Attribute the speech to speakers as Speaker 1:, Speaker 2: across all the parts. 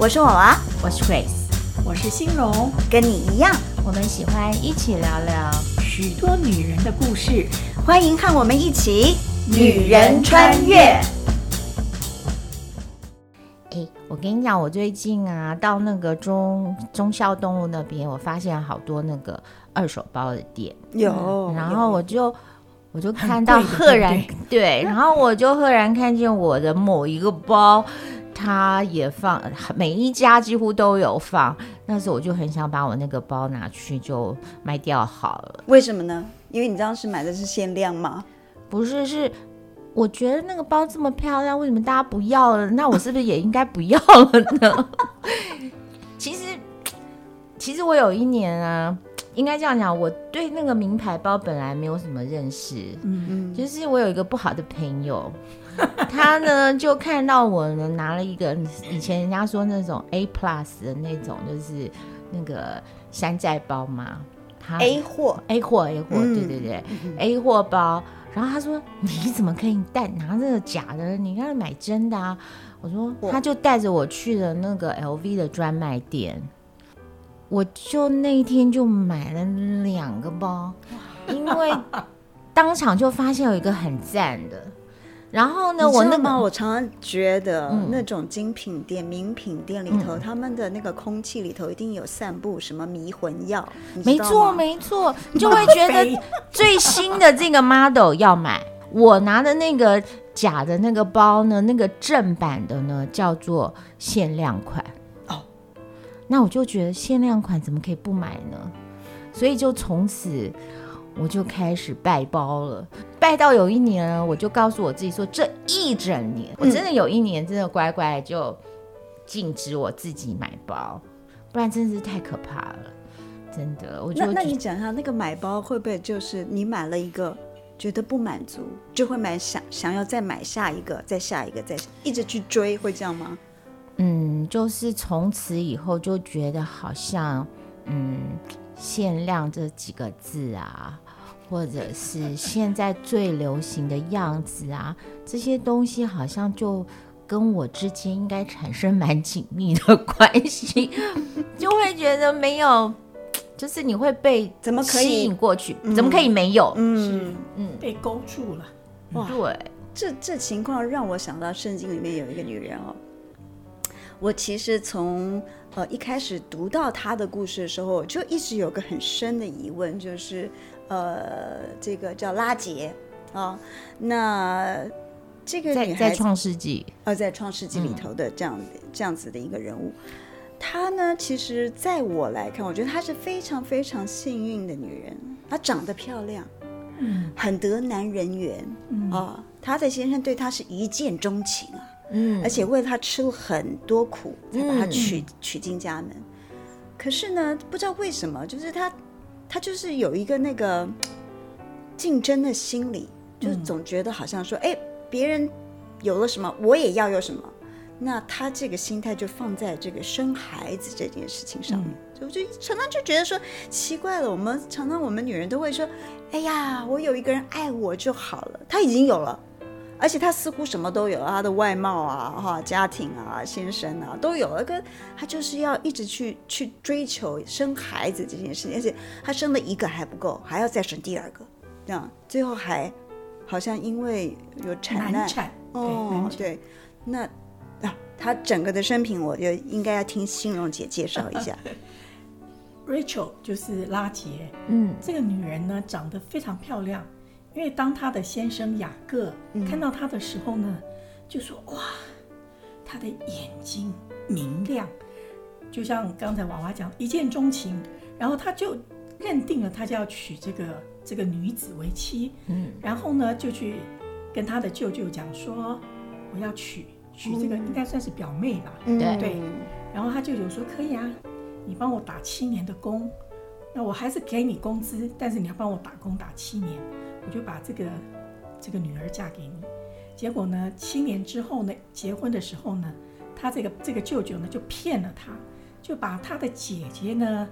Speaker 1: 我是我娃、啊，我是 Grace，我是欣蓉，跟你一樣，我們喜歡一起聊聊許多女人的故事，歡迎和我們一起女人穿越。
Speaker 2: 哎，我跟你講，我最近啊，到那個中、忠孝東路那邊，我發現好多那個二手包的店，有、嗯，然後我就我就看到赫然對對對，對，然後我就赫然看見我的某一個包。他也放，每一家幾乎都有放。那時候我就很想把我那個包拿去就賣掉好了。為什麼呢？因為你當時買的是限量嗎？不是，是我覺得那個包這麼漂亮，為什麼大家不要了？那我是不是也應該不要了呢？ 其實，其實我有一年啊，應該這樣講，我對那個名牌包本來沒有什麼認識。嗯嗯，其、就是、我有一個不好的朋友。 他呢就看到我呢拿了一個以前人家說那種 A plus 的那種，就是那個山寨包嘛。他，A 貨，A 貨，A 貨、嗯，對對對、嗯、A 貨包。然後他說：“你怎麼可以帶拿這個假的？你應該買真的啊！”我說：“他就帶着我去了那個 LV 的專賣店。”我就那一天就買了兩個包，因為當場就發現有一個很讚的。然後呢，我那道、個、我
Speaker 1: 常常覺得那種精品店、嗯、名品店裡頭，他、嗯、們的那個空氣裡頭一定有散布什麼迷魂藥。沒錯，
Speaker 2: 沒錯， 你就會覺得最新的這個 model 要買。我拿的那個假的那個包呢，那個正版的呢叫做限量款。哦，那我就覺得限量款怎麼可以不買呢？所以就從此。我就開始買包了，買到有一年，我就告訴我自己說，這一整年，我真的有一年，真的乖乖就禁止我自己買包，不然真的是太可怕了，真的。我覺得那那你
Speaker 1: 講一下，那個買包會不會就是你買了一個覺得不滿足，就會買想想要再買下一個，再下一個，再下一直去追，會這樣嗎？嗯，
Speaker 2: 就是從此以後就覺得好像嗯，限量這幾個字啊。或者是現在最流行的樣子啊，這些東西好像就跟我之間應該產生蠻緊密的關係，就會覺得沒有， 就是你會被怎麼吸引過去，怎麼可以、嗯、怎麼可以沒有？嗯嗯，
Speaker 1: 被勾住了。哇，嗯、對，這這情況讓我想到聖經裡面有一個女人哦。我其實從呃一開始讀到她的故事的時候，就一直有個很深的疑問，就是。呃，這個叫拉結啊、哦，那這個女孩在在《在創
Speaker 2: 世紀》
Speaker 1: 呃在《創世紀》裡頭的這樣、嗯、這樣子的一個人物，她呢，其實在我來看，我覺得她是非常非常幸運的女人。她長得漂亮，嗯，很得男人緣啊、嗯哦。她的先生對她是一見鍾情啊，嗯，而且為了她吃了很多苦，才把她娶娶進家門。可是呢，不知道為什麼，就是她。他就是有一個那個競爭的心理，就總覺得好像說，哎、嗯，別人有了什麼，我也要有什麼。那他這個心態就放在這個生孩子這件事情上面，嗯、就就常常就覺得說，奇怪了。我們常常我們女人都會說，哎呀，我有一個人愛我就好了，他已經有了。而且她似乎什麼都有，她的外貌啊、哈家庭啊、先生啊都有了，她就是要一直去去追求生孩子這件事情，而且她生了一個還不夠，還要再生第二個，這樣最後還好像因為有產難，難產哦，對，對那啊，她整個的生平，我就應該要聽心榮姐介紹一下。
Speaker 3: Rachel 就是拉結，嗯，這個女人呢長得非常漂亮。因為當他的先生雅各、嗯、看到他的時候呢，就說：“哇，他的眼睛明亮，就像剛才娃娃講，一見鍾情。”然後他就認定了他就要娶這個這個女子為妻。嗯，然後呢，就去跟他的舅舅講說：“我要娶娶這個、嗯，應該算是表妹吧？對、嗯、不對？”然後他舅舅說：“可以啊，你幫我打七年的工，那我還是給你工資，但是你要幫我打工打七年。”我就把這個這個女兒嫁給你，結果呢，七年之後呢，結婚的時候呢，他這個這個舅舅呢就騙了他，就把他的姐姐呢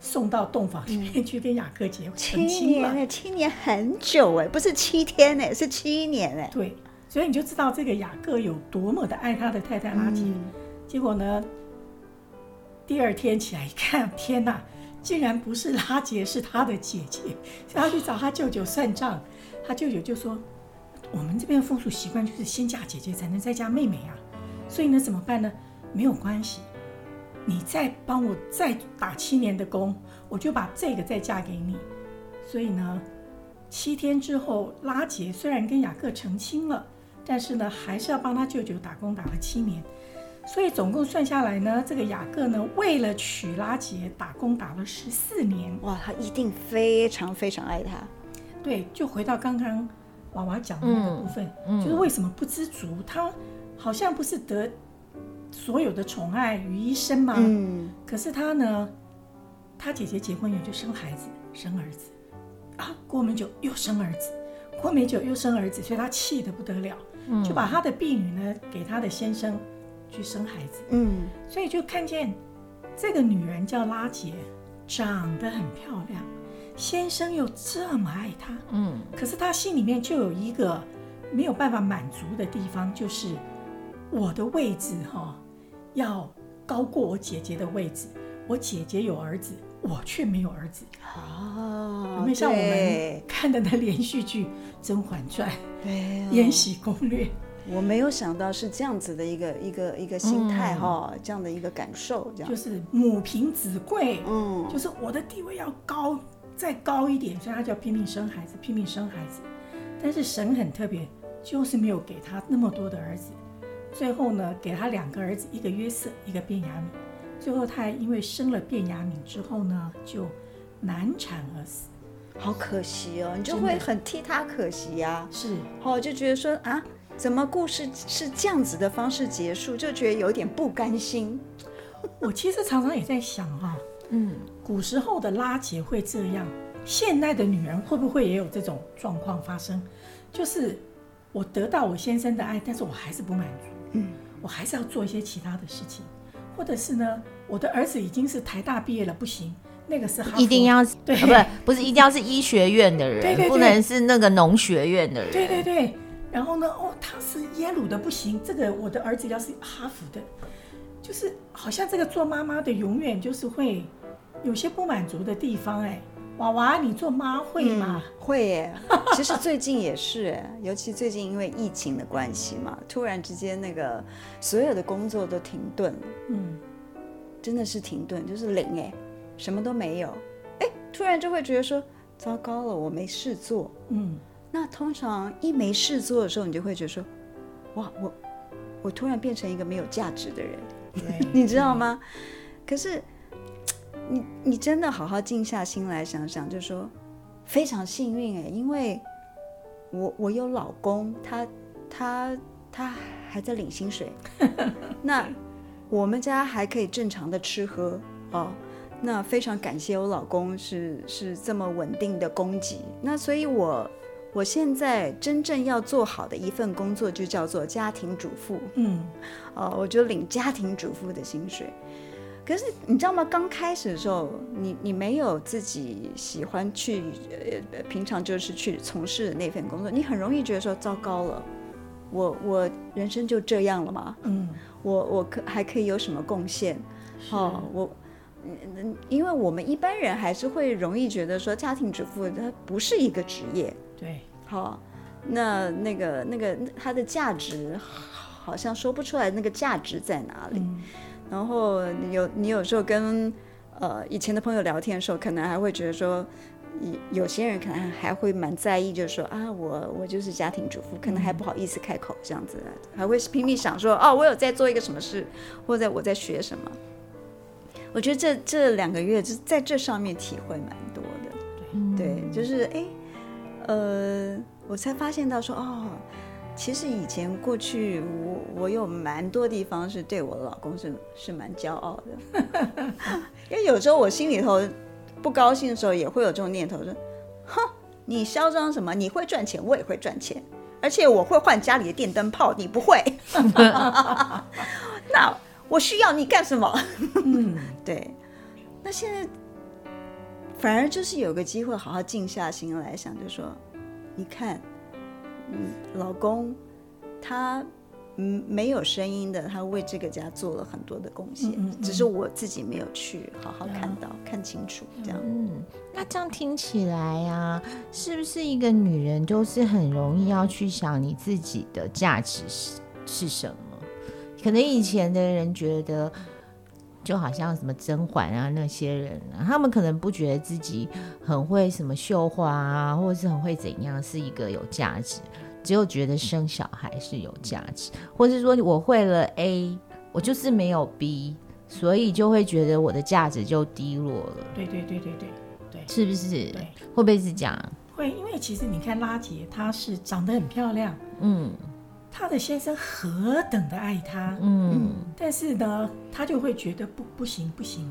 Speaker 3: 送到洞房裡面、嗯、去跟雅各結婚。七年了，
Speaker 1: 成親了，七年很久哎，不是七天哎，是七
Speaker 3: 年哎。對，所以你就知道這個雅各有多麼的愛他的太太拉結、嗯。結果呢，第二天起來一看，天哪！竟然不是拉結，是他的姐姐，所以他去找他舅舅算賬，他 舅舅就說：“我們這邊風俗習慣就是先嫁姐姐才能再嫁妹妹啊。”所以呢，怎麼辦呢？沒有關係，你再幫我再打七年的工，我就把這個再嫁給你。所以呢，七天之後，拉結雖然跟雅各成親了，但是呢，還是要幫他舅舅打工打了七年。所以總共算下來呢，這個雅各呢，為了娶拉結打工打了十四年，哇，
Speaker 1: 他一定非常非常愛她。
Speaker 3: 對，就回到剛剛娃娃講的那個部分。嗯，就是為什麼不知足？嗯、他好像不是得所有的寵愛於一身嗎？嗯，可是他呢，他姐姐結婚以後就生孩子，生兒子啊，過沒久就又生兒子，過沒久就又生兒子，所以他氣得不得了。嗯，就把他的婢女呢給他的先生，去生孩子，嗯，所以就看見這個女人叫拉結，長得很漂亮，先生又這麼愛她，嗯，可是她心裡面就有一個沒有辦法滿足的地方，就是我的位置哈、哦、要高過我姐姐的位置，我姐姐有兒子，我卻沒有兒子，啊、
Speaker 1: 哦，有沒有像我們看的那連續劇《甄嬛傳》《延禧攻略》？我沒有想到是這樣子的一個一個一個心態哈、嗯哦，這樣的一個感受，這樣就是
Speaker 3: 母憑子貴，嗯，就是我的地位要高再高一點，所以他就要拼命生孩子，拼命生孩子。但是神很特別，就是沒有給他那麼多的兒子，最後呢，給他兩個兒子，一個約瑟，一個便雅憫，最後他還因為生了便雅憫之後呢，就難
Speaker 1: 產而死，好可惜哦，你就會很替他可惜呀、啊，是，哦，就覺得說啊。怎麼故事是這樣子的方式結束，就覺得有點不甘心。 我其實常常也在想哈、啊，嗯，古時候的拉結會
Speaker 3: 這樣，現代的女人會不會也有這種狀況發生？就是我得到我先生的愛，但是我還是不滿足，嗯，我還是要做一些其他的事情，或者是呢，我的兒子已經是台大畢業了，不行，那個是一定要對，不是
Speaker 2: 不是一定要是醫學院的人， 對對對對，不能是那個農學院的人，對
Speaker 3: 對對、對。然後呢，哦，他是耶魯的不行，這個我的兒子要是哈佛的。就是好像這個做媽媽的永遠就是會有些不滿足的地方。哎，娃娃，你做媽、嗯、會嗎？
Speaker 1: 會耶。其實最近也是耶， 尤其最近因為疫情的關係嘛，突然之間那個所有的工作都停頓了。嗯，真的是停頓，就是零，哎，什麼都沒有。哎，突然就會覺得說，糟糕了，我沒事做。嗯。那通常一沒事做的時候，你就會覺得說，哇，我，我突然變成一個沒有價值的人， 你知道嗎？嗯、可是，你你真的好好靜下心來想想，就說非常幸運哎、欸，因為我我有老公，他他他，他還在領薪水， 那我們家還可以正常的吃喝哦，那非常感謝我老公是是這麼穩定的供給，那所以我。我現在真正要做好的一份工作，就叫做家庭主婦。嗯，哦，我就領家庭主婦的薪水。可是你知道嗎？剛開始的時候，你你沒有自己喜歡去，呃，平常就是去從事的那份工作，你很容易覺得說，糟糕了，我我人生就這樣了嗎？嗯，我我可還可以有什麼貢獻？嗯、哦，我，嗯，因為我們一般人還是會容易覺得說，家庭主婦它不是一個職業。對。好，oh，那那個那個它的價值好像說不出來，那個價值在哪裡？嗯，然後你有你有時候跟呃以前的朋友聊天的時候，可能還會覺得說，有有些人可能還會蠻在意，就是說啊，我我就是家庭主婦，可能還不好意思開口這樣子，嗯，還會拼命想說哦，我有在做一個什麼事，或者我在學什麼。我覺得這這兩個月就在這上面體會蠻多的，嗯，對，就是哎。欸呃，我才發現到說哦，其實以前過去我我有蠻多地方是對我的老公是是蠻驕傲的， 因為有時候我心裡頭不高興的時候也會有這種念頭說，哼，你囂張什麼？你會賺錢，我也會賺錢，而且我會換家裡的電燈泡，你不會， 那我需要你幹什麼？ 對，那現在。反而就是有個機會好好靜下心來想，就說，你看，嗯，老公，他，嗯，沒有聲音的，他為這個家做了很多的貢獻，嗯嗯嗯，只是我自己沒有去好好看到、看清楚，這樣。嗯、
Speaker 2: 那這樣聽起來呀、啊，是不是一個女人就是很容易要去想你自己的價值是是什麼？可能以前的人覺得。就好像什麼甄嬛啊那些人，啊，他們可能不覺得自己很會什麼繡花啊，或者是很會怎樣，是一個有價值，只有覺得生小孩是有價值，或是說我會了 A，我就是沒有 B，所以就會覺得我的價值就低落了。對對對對對對，是不是？會不會是這樣？
Speaker 3: 會，因為其實你看拉結，她是長得很漂亮，嗯。她的先生何等的愛她，嗯，但是呢，她就會覺得不不行不行，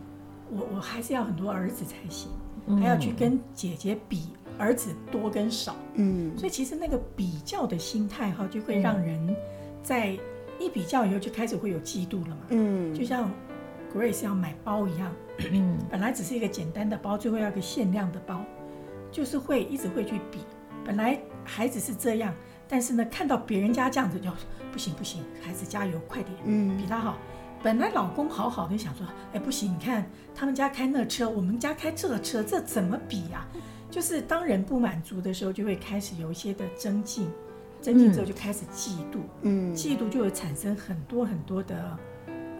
Speaker 3: 我我還是要很多兒子才行，嗯，還要去跟姐姐比兒子多跟少，嗯，所以其實那個比較的心態哈，就會讓人在一比較以後就開始會有嫉妒了嘛，嗯，就像 Grace 要買包一樣，嗯，本來只是一個簡單的包，最後要一個限量的包，就是會一直會去比，本來孩子是這樣。但是呢，看到別人家這樣子就，就不行不行，孩子加油快點，嗯，比他好。本來老公好好的想說，哎、欸、不行，你看他們家開那車，我們家開這車，這怎麼比呀、啊嗯？就是當人不滿足的時候，就會開始有一些的增進，增進之後就開始嫉妒，嗯，嫉妒就會產生很多很多的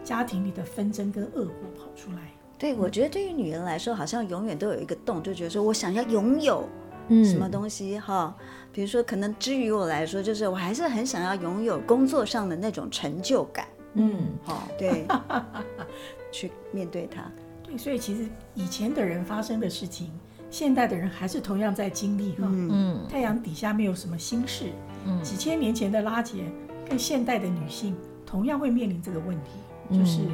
Speaker 3: 家庭裡的紛爭跟惡果跑出來。
Speaker 1: 對，嗯、我覺得對於女人來說，好像永遠都有一個洞，就覺得說我想要擁有。嗯，什麼東西哈、嗯哦？比如說，可能之於我來說，就是我還是很想要擁有工作上的那種成就感。嗯，好、哦，對， 去面對它。對，所以其實以前的人發生的事情，
Speaker 3: 現代的人還是同樣在經歷哈、啊。嗯，太陽底下沒有什麼新事。嗯，幾千年前的拉結跟現代的女性同樣會面臨這個問題，就是、嗯、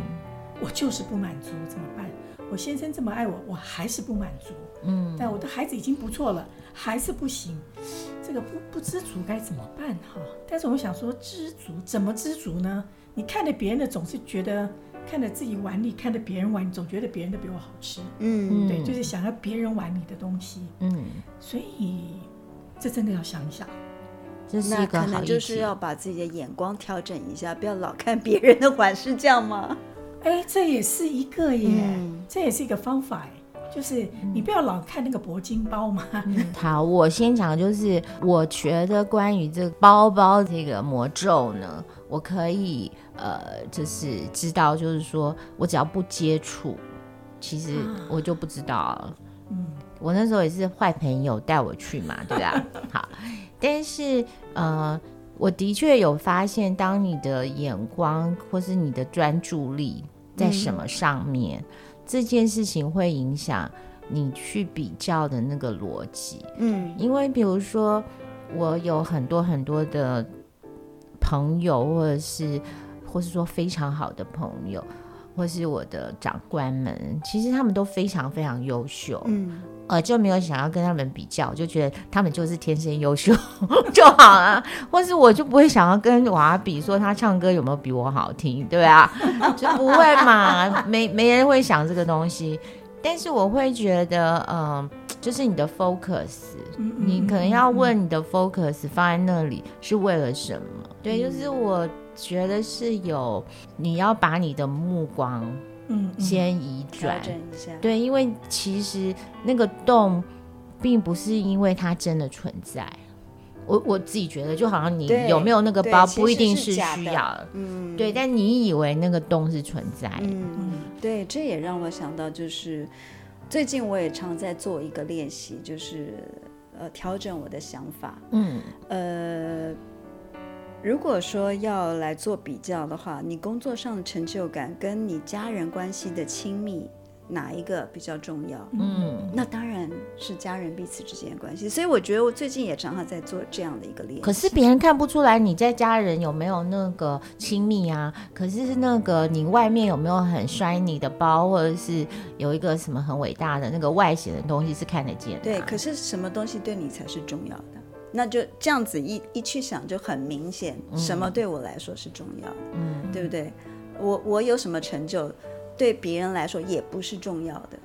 Speaker 3: 我就是不滿足怎麼辦？我先生這麼愛我，我還是不滿足。嗯，但我的孩子已經不錯了。還是不行，這個不不知足該怎麼辦哈、啊？但是我想說，知足怎麼知足呢？你看着別人的，總是覺得看着自己碗裡，看着別人碗裡，總覺得別人的比我好吃，嗯，對，就是想要別人碗裡的東西，嗯，所以這真的要想一想，是那可能就
Speaker 1: 是要把自己的眼光調整一下，不要老看別人的碗，是這樣嗎？哎，這也是一個耶，嗯、這也是一個方法。就是你不要老看那
Speaker 3: 個鉑金包嘛、 嗯。
Speaker 2: 好，我先講，就是我覺得關於這個包包這個魔咒呢，我可以呃，就是知道，就是說我只要不接觸，其實我就不知道了。啊、嗯，我那時候也是壞朋友帶我去嘛，對吧、啊？好，但是呃，我的確有發現，當你的眼光或是你的專注力在什麼上面。嗯這件事情會影響你去比較的那個邏輯，嗯，因為比如說，我有很多很多的朋友，或者是，或是說非常好的朋友。或是我的長官們，其實他們都非常非常優秀，嗯，呃，就沒有想要跟他們比較，就覺得他們就是天生優秀 就好了。 或是我就不會想要跟娃比，說他唱歌有沒有比我好聽？對啊，就不會嘛， 沒沒人會想這個東西。但是我會覺得，嗯，呃，就是你的 focus，嗯，你可能要問你的 focus 放在那裡是為了什麼？嗯，對，就是我。覺得是有，你要把你的目光，嗯，先移轉一下，對，因為其實那個洞，並不是因為它真的存在。我我自己覺得，就好像你有沒有那個包，不一定是需要是，嗯，對，但你以為那個洞是存在，嗯，
Speaker 1: 對，這也讓我想到，就是最近我也常在做一個練習，就是呃，調整我的想法，嗯，呃。如果說要來做比較的話，你工作上的成就感跟你家人關係的親密，哪一個比較重要？嗯，那當然是家人彼此之間的關係。所以我覺得我最近也常常在做這樣的一個練習。可是別
Speaker 2: 人看不出來你在家人有沒有那個親密啊？可是那個你外面有沒有很摔你的包，或者是有一個什麼很偉大的那個外顯的東西是看得見的啊？對，
Speaker 1: 可是什麼東西對你才是重要的？那就這樣子一一去想，就很明顯，什麼對我來說是重要的？嗯，對不對？我我有什麼成就，對別人來說也不是重要的，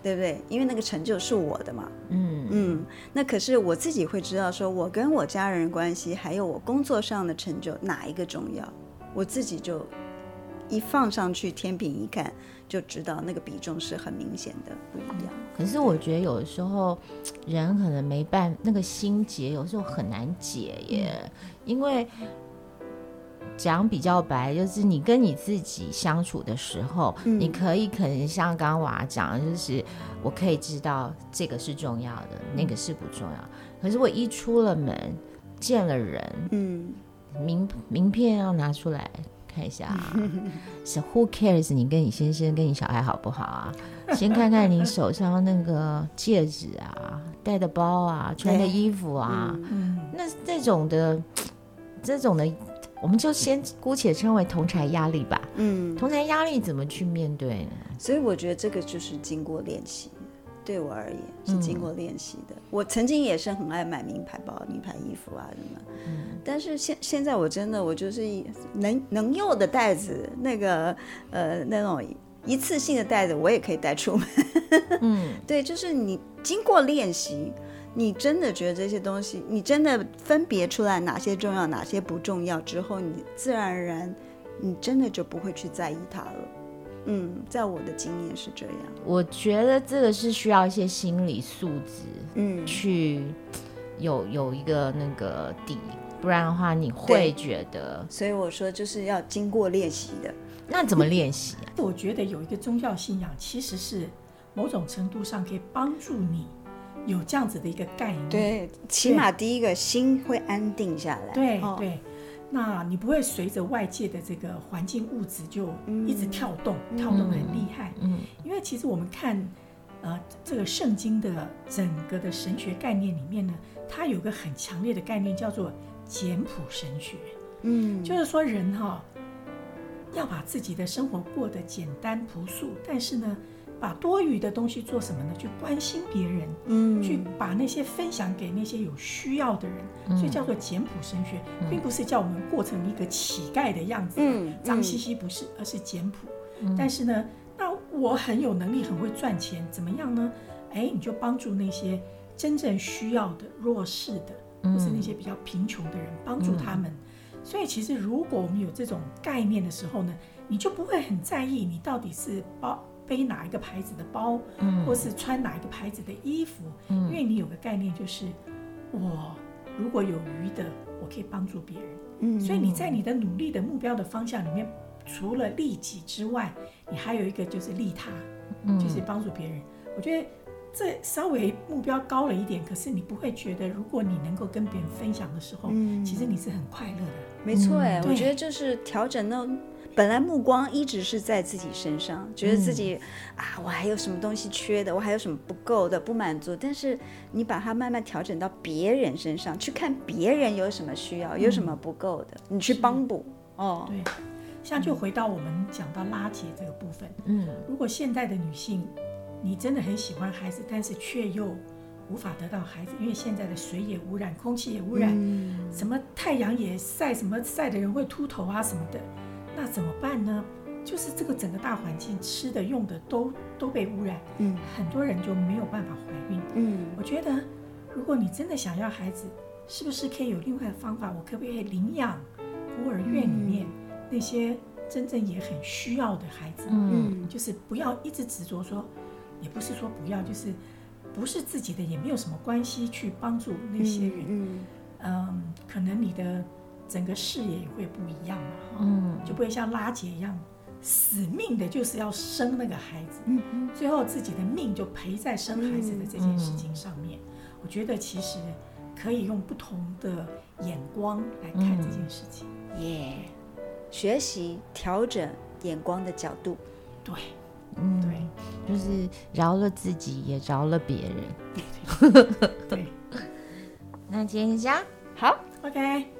Speaker 1: 對不對？因為那個成就是我的嘛，嗯嗯。那可是我自己會知道，說我跟我家人關係，還有我工作上的成就，哪一個重要？我自己就。一放上去，天平一看就知道那個比重是很明顯的不
Speaker 2: 一樣。可是我覺得有的時候，人可能沒辦那個心結，有時候很難解耶，嗯。因為講比較白，就是你跟你自己相處的時候，嗯，你可以可能像剛剛娃講，就是我可以知道這個是重要的，那個是不重要。可是我一出了門，見了人，嗯，名名片要拿出來。看一下、啊，是、so、who cares？你跟你先生、跟你小孩好不好啊？ 先看看你手上那個戒指啊，戴的包啊，穿的衣服啊，那這種的，這種的，我們就先姑且稱為同儕壓力吧。嗯，同儕壓力怎麼去面對呢？
Speaker 1: 所以我覺得這個就是經過練習。對我而言是經過練習的。嗯。我曾經也是很愛買名牌包、名牌衣服啊什麼，嗯，但是現現在我真的我就是能能用的袋子，那個呃那種一次性的袋子我也可以帶出門。 嗯，對，就是你經過練習，你真的覺得這些東西，你真的分別出來哪些重要，哪些不重要之後，你自然而然你真的就不會去在意它了。嗯，在我的經驗是這樣。
Speaker 2: 我覺得這個是需要一些心理素質，嗯，去有有一個那個底，不然的話你會覺得。所以我說就是要經過練習的。那怎麼練習啊？
Speaker 3: 我覺得有一個宗教信仰，其實是某種程度上可以幫助你有這樣子的一個概念。對，起碼第一
Speaker 1: 個心會安定下來。對對。哦，
Speaker 3: 對那你不會隨着外界的這個環境物質就一直跳動，嗯、跳動得很厲害、嗯。因為其實我們看，呃，這個聖經的整個的神學概念裡面呢，它有個很強烈的概念叫做簡樸神學。嗯，就是說人哈、哦、要把自己的生活過得簡單樸素，但是呢。把多餘的東西做什麼呢？去關心別人，嗯，去把那些分享給那些有需要的人，嗯、所以叫做簡樸神學、嗯，並不是叫我們過成一個乞丐的樣子，嗯，髒、嗯、兮兮不是，而是簡樸、嗯。但是呢，那我很有能力，很會賺錢，怎麼樣呢？哎、欸，你就幫助那些真正需要的弱勢的，或是那些比較貧窮的人，幫助他們、嗯。所以其實如果我們有這種概念的時候呢，你就不會很在意你到底是包。背哪一個牌子的包、嗯，或是穿哪一個牌子的衣服、嗯，因為你有個概念就是，我如果有餘的，我可以幫助別人嗯。嗯，所以你在你的努力的目標的方向裡面，除了利己之外，你還有一個就是利他、嗯、就是幫助別人。我覺得這稍微目標高了一點，可是你不會覺得，如果你能夠跟別人分享的時候，嗯、其實你是很
Speaker 1: 快樂的。嗯、沒錯，哎，我覺得就是調整那。本來目光一直是在自己身上，覺得自己、嗯、啊，我還有什麼東西缺的，我還有什麼不夠的、不滿足？但是你把它慢慢調整到別人身上，去看別人有什麼需要，有什麼不夠的，嗯、你去幫補。哦，對，
Speaker 3: 像就回到我們講到拉結這個部分，嗯，如果現代的女性，你真的很喜歡孩子，但是卻又無法得到孩子，因為現在的水也污染，空氣也污染，嗯、什麼太陽也曬，什麼曬的人會禿頭啊什麼的。那怎麼辦呢？就是這個整個大環境吃的用的都都被污染，嗯，很多人就沒有辦法懷孕，嗯。我覺得，如果你真的想要孩子，是不是可以有另外的方法？我可不可以領養孤兒院裡面、嗯、那些真正也很需要的孩子？嗯，就是不要一直執着說，也不是說不要，就是不是自己的也沒有什麼關係，去幫助那些人。嗯，嗯，嗯，可能你的。整個視野也會不一樣嘛，
Speaker 2: 嗯，就
Speaker 3: 不會像拉結一樣死命的就是要生那個孩子，嗯，最後自己的命就賠在生孩子的這件事情上面。我覺得其實可以用不同的眼光來看這件事
Speaker 1: 情，嗯，耶、嗯嗯，學習調整眼光的角度，對、
Speaker 2: 嗯，對，就是饒了自己也饒了別人，對，對對 那接一下，好，OK。